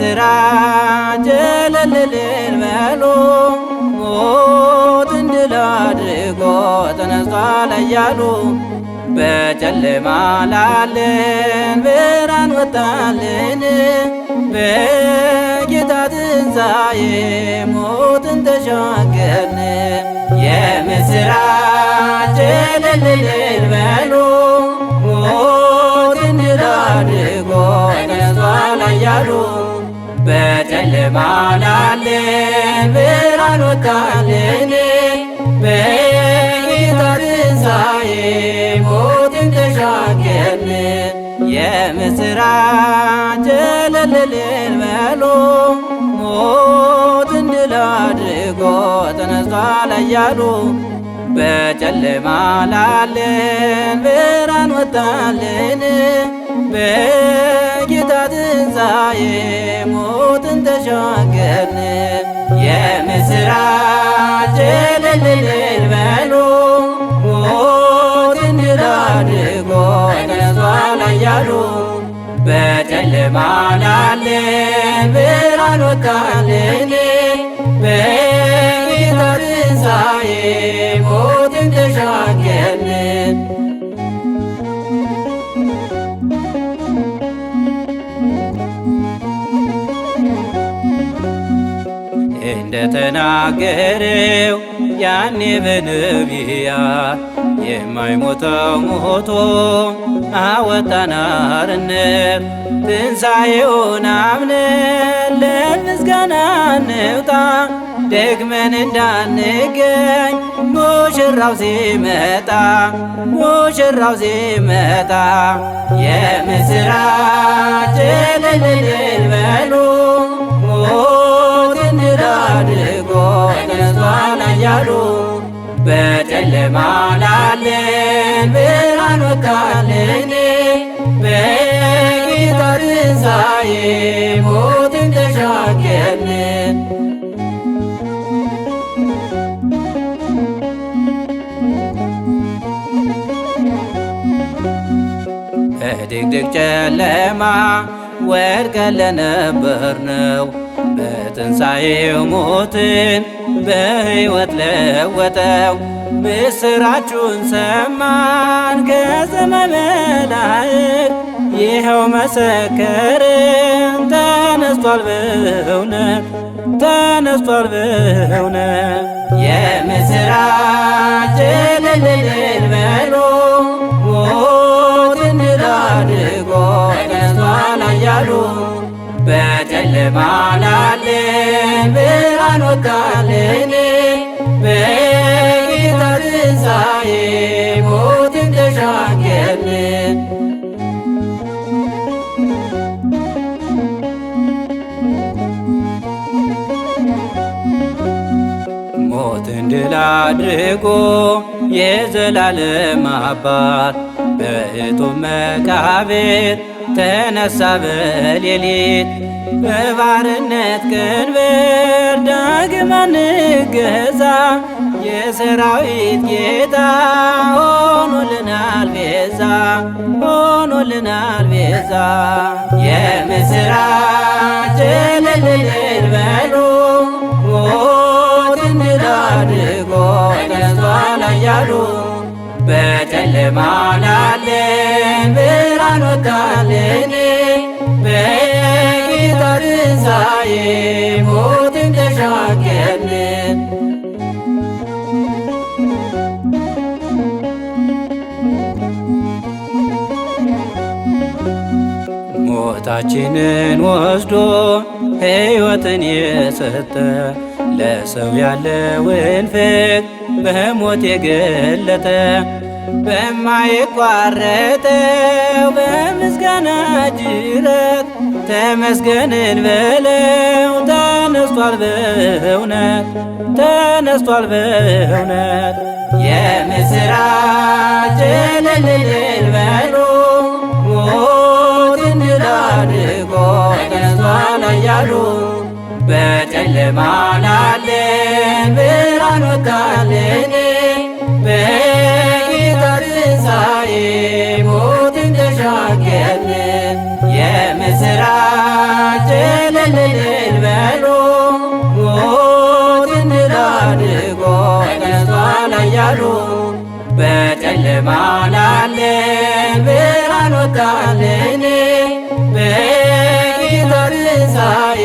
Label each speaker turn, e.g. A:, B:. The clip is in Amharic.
A: ስራ ጀለልልን በሉ ሞትን ድል አድርጎ ተነሷል እያሉ በጨለማ ላለን ብርሃን ወጣልን በጌታ ትንሣኤ ሞትን ተሻገርን የምስራች እልል በሉ ብርሃን አለ ብርሃን ወጣልን በጌታ ትንሣኤ ሞትን ተሻገርን የምስራች እልል በሉ ሞትን ድል አድርጎ ተነሥቷል እያሉ በጨለማ ላለን ብርሃን ወጣልን በጌታ ትንሣኤ ተናገርን የምስራች እልል በሉ ሞትን ድል አድርጎ ተነስቷል እያሉ በጨለማ ላለን ብርሃን ወጣልን በጌታ ትንሣኤ ሞትን ተሻገርን
B: እንደተናገረው ያኔ በነቢያ የማይሞተው ሞቶ አወጣን ትንሣኤውን አምነን ለምስጋና እንውጣ ደግመን እንዳንገኝ ሙሽራው ሲመጣ ሙሽራው ሲመጣ
A: የምስራች እልል በሉ አድርጎ ተነስቷል አያሉ በጨለማ ላለን ብርሃን ወጣልን። በጌታ ትንሣኤ ሞትን ተሻገርን።
B: በድቅድቅ ጨለማ ወድቀን ለነበርነው በትንሣኤው ሞትን በሕይወት ለወጠው። ምስራቹን ሰማን ገጸ መላእክት ይኸው መሰከርን ተነስቷል በእውነት ተነስቷል በእውነት
A: የምስራ ዙፋን ወጣለን በጌታ ትንሣኤ ሞትን ተሻገርን።
B: ሞትን ድል አድርጎ የዘላለም አባት ከእቶን መቃብር ተነሳ በሌሊት በባርነት ቀንበር ዳግማ ንገዛ የሰራዊት ጌታ ሆኖልናል ቤዛ ሆኖልናል ቤዛ
A: የምስራች ብርሃን አለ ብርሃን ወጣለን በጌታ ትንሣኤ ሞትን ተሻገርን።
B: ሞታችንን ወስዶ ሕይወትን የሰጠ ለሰው ያለውን ፍቅር በሞት የገለጠ በማይቋረጠው በምስጋና ጅረት ተመስገንን በለው ተነስቷል በእውነት ተነስቷል በእውነት
A: የምስራች እልል በሉ ሞትን ድል አድርጎ ተነስቷል እያሉ በጨለማ ላለን ብርሃን ወጣልን ትንሣኤ ሞትን ተሻገርን የምስራች እልል በሉ ሞትን ድል ተነስቷል በጨለማ ብርሃን ወጣልን በጌታ ትንሣኤ